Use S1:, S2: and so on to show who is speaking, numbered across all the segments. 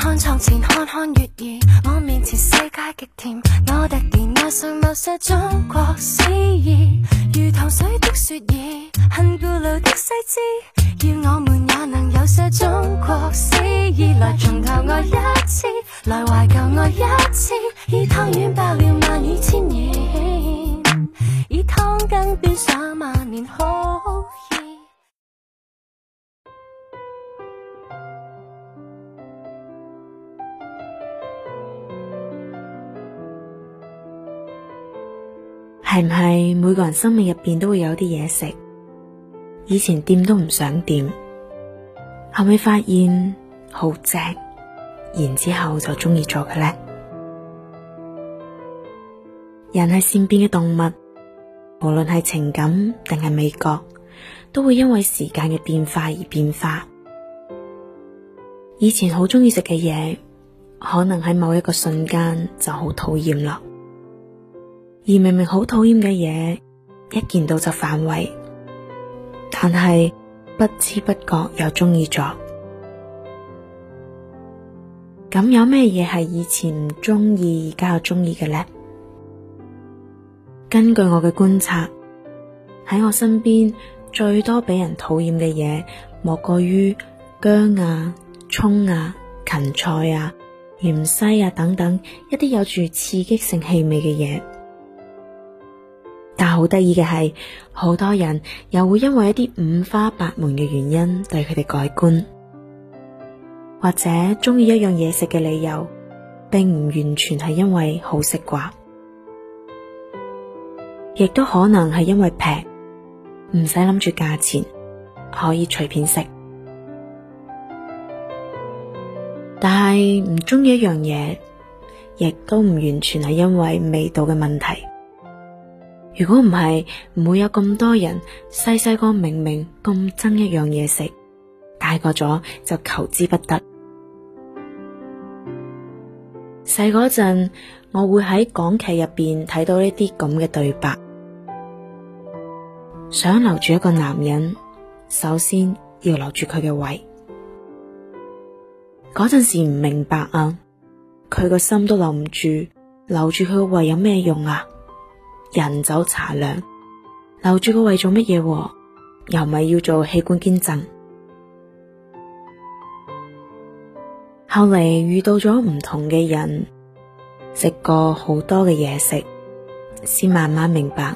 S1: 看床前看看月兒，我面前世界極甜。我突然愛上某些中國詩意，如糖水的雪耳，很古老的細致，要我們也能有些中國詩意，來從頭愛一次，來懷舊愛一次，以湯圓爆料。
S2: 係唔係每個人生命入邊都會有啲嘢食？以前掂都唔想掂，後尾發現好正，然之後就中意咗嘅咧。人係善變嘅動物，無論係情感定係味覺，都會因為時間嘅變化而變化。以前好中意食嘅嘢，可能喺某一個瞬間就好討厭啦。而明明好討厭嘅嘢，一見到就反胃，但係不知不覺又中意咗。咁有咩嘢係以前唔中意，而家又中意嘅呢？根據我嘅觀察，喺我身邊最多俾人討厭嘅嘢，莫過於姜啊、葱啊、芹菜啊、芫茜啊等等一啲有住刺激性氣味嘅嘢。好得意嘅係，好多人又會因為一啲五花八門嘅原因，對佢哋改觀，或者中意一樣嘢食嘅理由，並唔完全係因為好食啩，亦都可能係因為平，唔使諗住價錢，可以隨便食。但係唔中意一樣嘢，亦都唔完全係因為味道嘅問題。如果唔係，唔會有咁多人。細細個明明咁憎一樣嘢食，大個咗就求之不得。細嗰陣，我會喺港劇入邊睇到呢啲咁嘅對白，想留住一個男人，首先要留住佢嘅胃。嗰陣時唔明白啊，佢個心都留唔住，留住佢個胃有咩用啊？人走茶涼，留住個位做乜嘢？又唔係要做器官捐贈？ 後嚟遇到咗唔同嘅人，食過好多嘅嘢食，先慢慢明白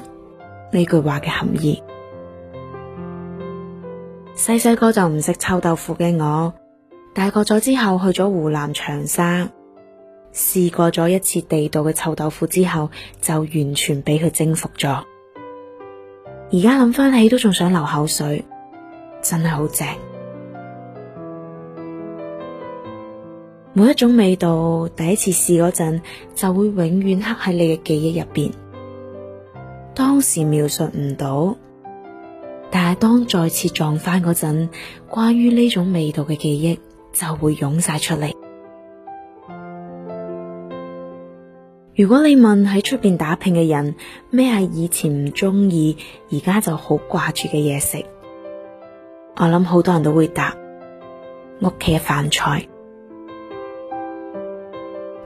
S2: 呢句話嘅含義。細細個就唔食臭豆腐嘅我，大個咗之後去咗湖南長沙。試過咗一次地道嘅臭豆腐之後，就完全俾佢征服咗。而家諗翻起都仲想流口水，真係好正。每一種味道第一次試嗰陣，就會永遠刻喺你嘅記憶入邊。當時描述唔到，但係當再次撞翻嗰陣，關於呢種味道嘅記憶就會湧晒出嚟。如果你問喺出邊打拼嘅人，咩係以前唔中意，而家就好掛住嘅嘢食？我諗好多人都會答屋企嘅飯菜。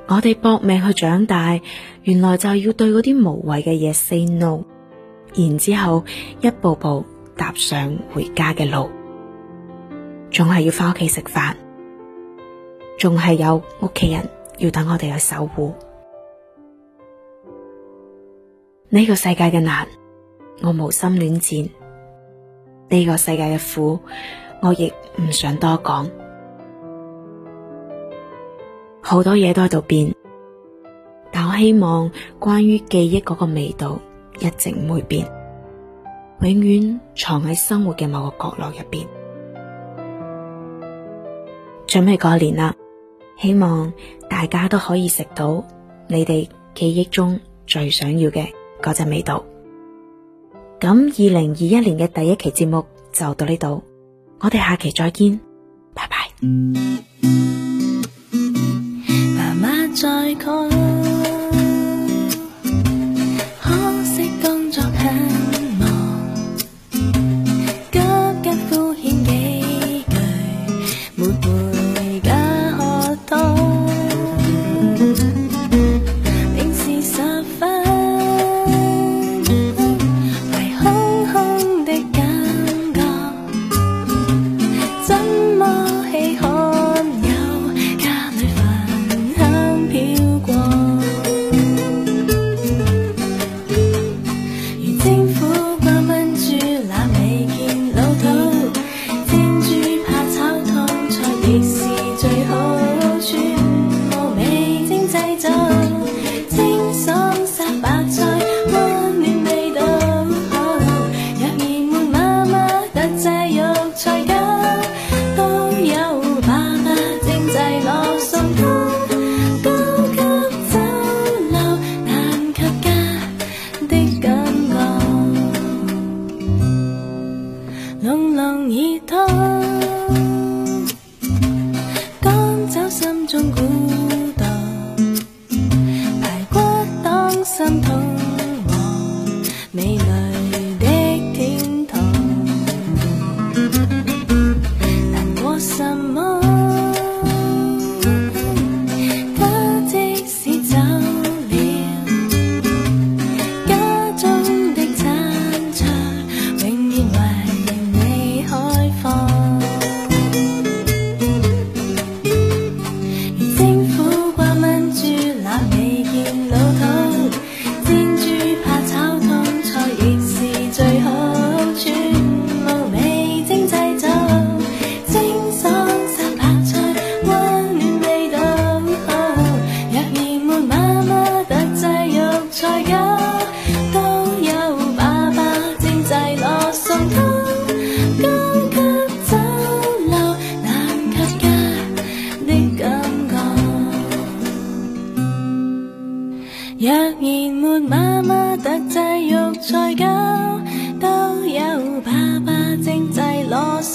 S2: 我哋搏命去長大，原來就要對嗰啲無謂嘅嘢 say no，然之後一步步踏上回家嘅路，仲係要返屋企食飯，仲係有屋企人要等我哋去守護。呢個世界嘅難，我無心戀戰；呢個世界嘅苦，我亦唔想多講。好多嘢都喺度變，但我希望關於記憶嗰個味道，一直唔會變，永遠藏喺生活嘅某個角落入邊。準備過年啦，希望大家都可以食到你哋記憶中最想要嘅。嗰隻味道。咁二零二一年嘅第一期節目就到呢度，我哋下期再見，拜拜。
S1: 媽媽